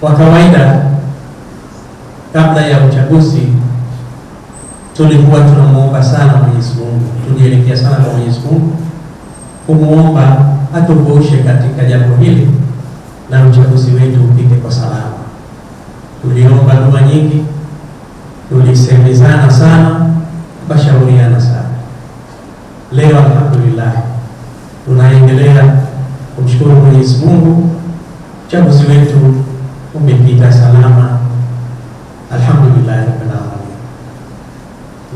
Kwa kawaida kabla ya uchaguzi tulikuwa tunamuomba sana Mwenyezi Mungu, tulielekea sana kwa Mwenyezi Mungu kumwomba atukuushe katika jambo hili na uchaguzi wetu upite kwa salama. Tuliomba dua nyingi, tulisemezana sana, tukashauriana sana. Leo alhamdulillah, tunaendelea kumshukuru Mwenyezi Mungu, uchaguzi wetu umepita salama, alhamdulillahi rabbil alamin.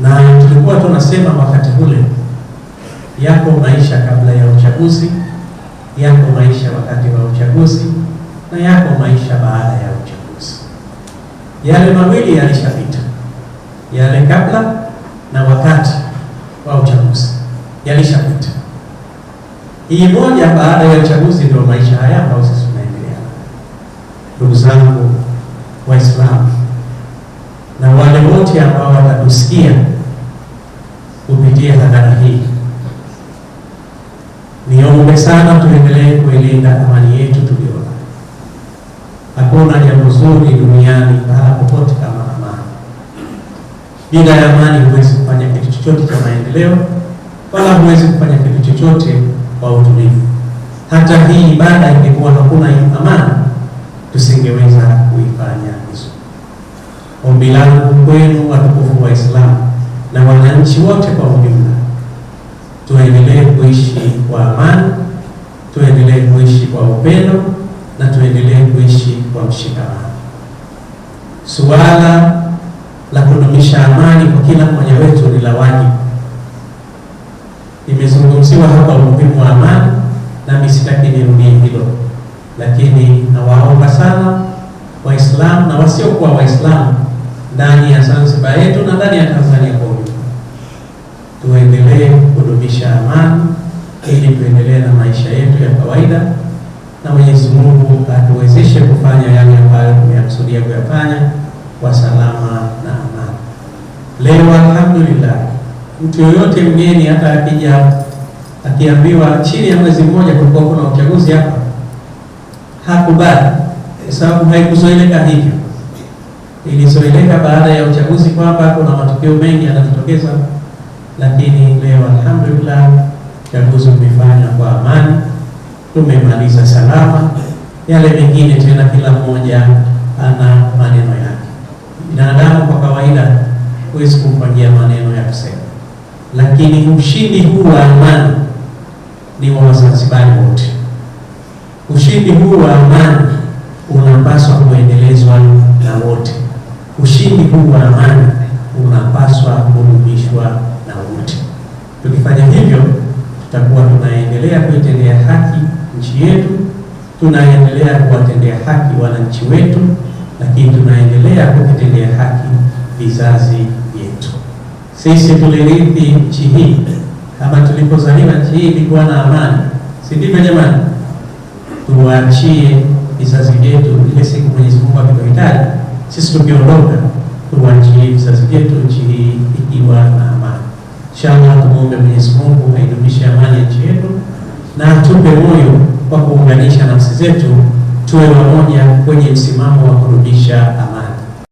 Na tulikuwa tunasema wakati ule, yako maisha kabla ya uchaguzi, yako maisha wakati wa uchaguzi, na yako maisha baada ya uchaguzi. Yale mawili yalishapita, yale kabla na wakati wa uchaguzi yalishapita. Hii moja baada ya uchaguzi wote ambao watakusikia kupitia hadhara hii. Niombe sana tuendelee kuilinda amani yetu tulio Hakuna jambo zuri duniani mahala popote kama amani. Bila ya amani, huwezi kufanya kitu chochote cha maendeleo, wala huwezi kufanya kitu chochote kwa utulivu. Hata hii ibada ingekuwa hakuna amani, tusingeweza kuifanya vizuri. Ombi langu kwenu watukufu Waislamu na wananchi wote kwa ujumla, tuendelee kuishi kwa amani, tuendelee kuishi kwa upendo na tuendelee kuishi kwa mshikamano. Suala la kudumisha amani kwa kila mmoja wetu ni la wajibu. Imezungumziwa hapa umuhimu wa amani, nami sitaki nirudie hilo, lakini nawaomba sana Waislamu na wasiokuwa Waislamu ndani ya Zanzibar yetu na ndani ya Tanzania kwa ujumla. Tuendelee kudumisha amani ili tuendelee na maisha yetu ya kawaida, na Mwenyezi Mungu atuwezeshe kufanya yale ambayo tumeyakusudia kuyafanya kwa salama na amani. Leo alhamdulillah, mtu yoyote mgeni hata akija akiambiwa chini ya mwezi mmoja kulikuwa kuna uchaguzi hapa, hakubali, sababu haikuzoeleka hivyo ilizoeleka baada ya uchaguzi kwamba kuna matukio mengi yanajitokeza, lakini leo alhamdulillah uchaguzi umefanya kwa amani, tumemaliza salama. Yale mengine tena, kila mmoja ana maneno yake. Binadamu kwa kawaida huwezi kumpangia maneno ya kusema, lakini ushindi huu wa amani ni wa Wazanzibari wote. Ushindi huu wa amani unapaswa kuendelezwa na wote. Ushindi huu wa amani unapaswa kudumishwa na wote. Tukifanya hivyo, tutakuwa tunaendelea kuitendea haki nchi yetu, tunaendelea kuwatendea haki wananchi wetu, lakini tunaendelea kukitendea haki vizazi vyetu. Sisi tulirithi nchi hii, kama tulipozaliwa nchi hii ilikuwa na amani, si ndivyo jamani? Tuwaachie vizazi vyetu ile siku Mwenyezi Mungu akituhitaji sisi tukiondoka kuwa nchi hii vizazi vyetu, nchi hii ikiwa na amani. Inshallah, tumuombe Mwenyezi Mungu aidumishe amani ya nchi yetu na atupe moyo wa kuunganisha nafsi zetu, tuwe wamoja kwenye msimamo wa kurudisha amani.